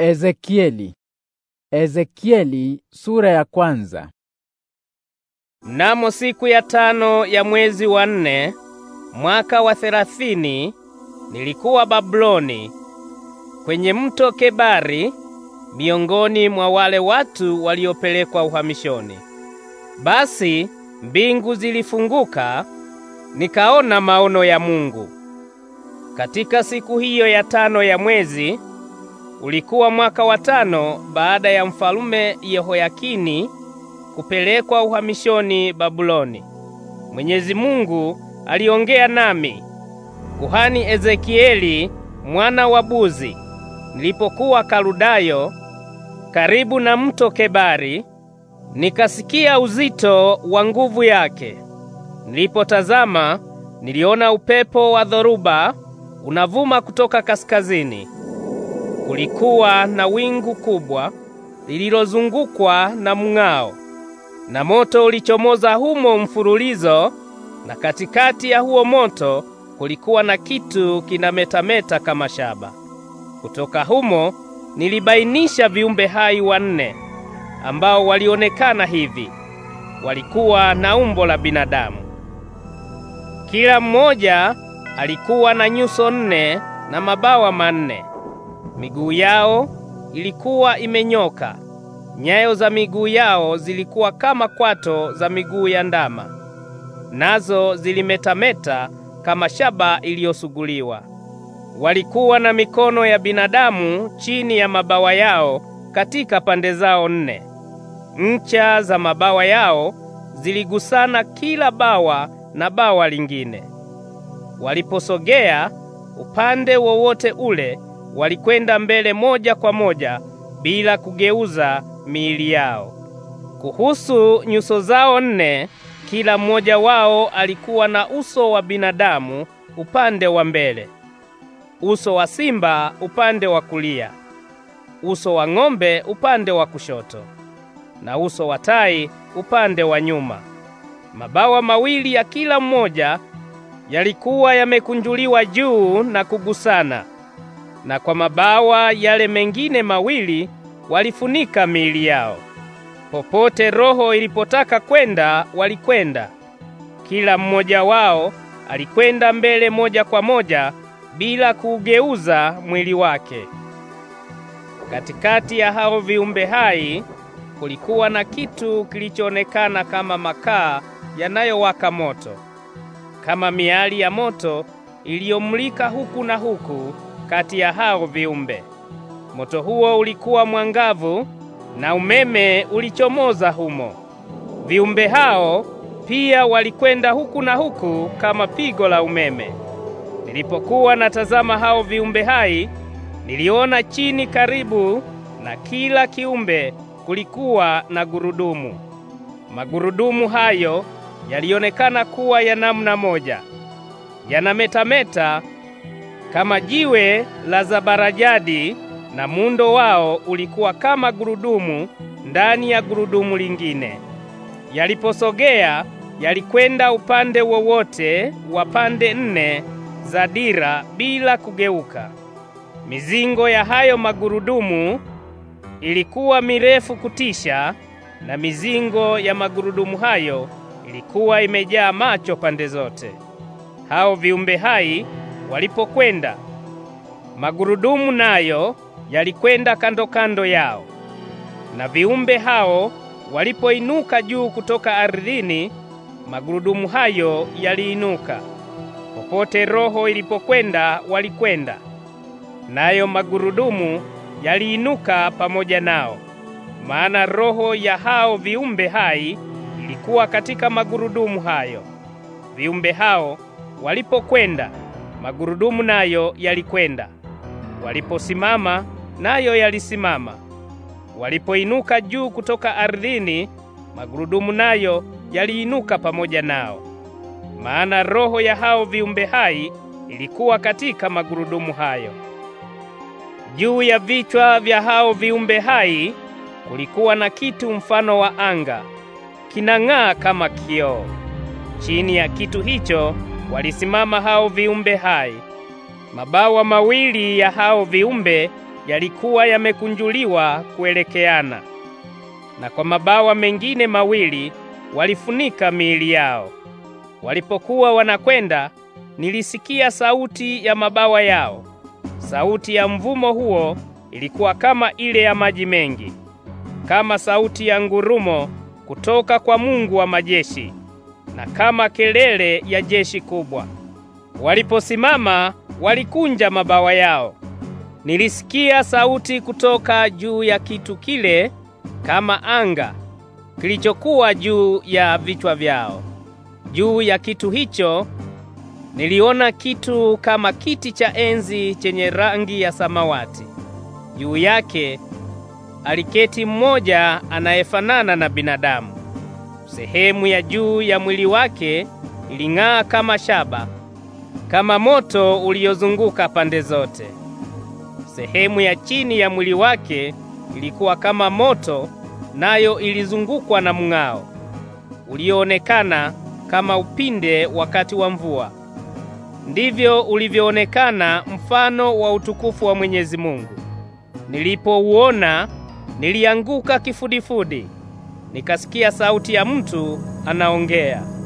Ezekieli. Ezekieli sura ya kwanza. Mnamo siku ya tano ya mwezi wa nne mwaka wa thelathini nilikuwa Babuloni kwenye mto Kebari miongoni mwa wale watu waliopelekwa uhamishoni. Basi mbingu zilifunguka nikaona maono ya Mungu. Katika siku hiyo ya tano ya mwezi Ulikuwa mwaka wa tano baada ya mfalume Yehoyakini kupelekwa uhamishoni Babuloni. Mwenyezi Mungu aliongea nami kuhani Ezekieli mwana wa Buzi nilipokuwa Kaludayo karibu na mto Kebari, nikasikia uzito wa nguvu yake. Nilipotazama, niliona upepo wa dhoruba unavuma kutoka kaskazini kulikuwa na wingu kubwa lililozungukwa na mng'ao, na moto ulichomoza humo mfululizo, na katikati ya huo moto kulikuwa na kitu kinametameta kama shaba. Kutoka humo nilibainisha viumbe hai wanne ambao walionekana hivi: walikuwa na umbo la binadamu, kila mmoja alikuwa na nyuso nne na mabawa manne. Miguu yao ilikuwa imenyoka, nyayo za miguu yao zilikuwa kama kwato za miguu ya ndama, nazo zilimetameta kama shaba iliyosuguliwa. Walikuwa na mikono ya binadamu chini ya mabawa yao katika pande zao nne. Ncha za mabawa yao ziligusana kila bawa na bawa lingine. Waliposogea upande wowote ule walikwenda mbele moja kwa moja bila kugeuza miili yao. Kuhusu nyuso zao nne, kila mmoja wao alikuwa na uso wa binadamu upande wa mbele, uso wa simba upande wa kulia, uso wa ng'ombe upande wa kushoto, na uso wa tai upande wa nyuma. Mabawa mawili ya kila mmoja yalikuwa yamekunjuliwa juu na kugusana na kwa mabawa yale mengine mawili walifunika miili yao. Popote roho ilipotaka kwenda, walikwenda. Kila mmoja wao alikwenda mbele moja kwa moja bila kuugeuza mwili wake. Katikati ya hao viumbe hai kulikuwa na kitu kilichoonekana kama makaa yanayowaka moto, kama miali ya moto iliyomulika huku na huku kati ya hao viumbe. Moto huo ulikuwa mwangavu na umeme ulichomoza humo. Viumbe hao pia walikwenda huku na huku kama pigo la umeme. Nilipokuwa natazama hao viumbe hai, niliona chini karibu na kila kiumbe kulikuwa na gurudumu. Magurudumu hayo yalionekana kuwa ya namna moja, yanametameta kama jiwe la zabarajadi, na mundo wao ulikuwa kama gurudumu ndani ya gurudumu lingine. Yaliposogea yalikwenda upande wowote wa pande nne za dira bila kugeuka. Mizingo ya hayo magurudumu ilikuwa mirefu kutisha, na mizingo ya magurudumu hayo ilikuwa imejaa macho pande zote. Hao viumbe hai walipokwenda. Magurudumu nayo yalikwenda kando kando yao, na viumbe hao walipoinuka juu kutoka ardhini, magurudumu hayo yaliinuka. Popote roho ilipokwenda walikwenda, nayo magurudumu yaliinuka pamoja nao, maana roho ya hao viumbe hai ilikuwa katika magurudumu hayo. Viumbe hao walipokwenda magurudumu nayo yalikwenda. Waliposimama nayo yalisimama. Walipoinuka juu kutoka ardhini, magurudumu nayo yaliinuka pamoja nao. Maana roho ya hao viumbe hai ilikuwa katika magurudumu hayo. Juu ya vichwa vya hao viumbe hai kulikuwa na kitu mfano wa anga kinang'aa kama kioo. Chini ya kitu hicho walisimama hao viumbe hai. Mabawa mawili ya hao viumbe yalikuwa yamekunjuliwa kuelekeana, na kwa mabawa mengine mawili walifunika miili yao. Walipokuwa wanakwenda, nilisikia sauti ya mabawa yao. Sauti ya mvumo huo ilikuwa kama ile ya maji mengi, kama sauti ya ngurumo kutoka kwa Mungu wa majeshi na kama kelele ya jeshi kubwa. Waliposimama walikunja mabawa yao. Nilisikia sauti kutoka juu ya kitu kile kama anga kilichokuwa juu ya vichwa vyao. Juu ya kitu hicho niliona kitu kama kiti cha enzi chenye rangi ya samawati. Juu yake aliketi mmoja anayefanana na binadamu. Sehemu ya juu ya mwili wake iling'aa kama shaba, kama moto uliozunguka pande zote. Sehemu ya chini ya mwili wake ilikuwa kama moto, nayo ilizungukwa na mng'ao ulioonekana kama upinde wakati wa mvua. Ndivyo ulivyoonekana mfano wa utukufu wa Mwenyezi Mungu. Nilipouona nilianguka kifudifudi nikasikia sauti ya mtu anaongea.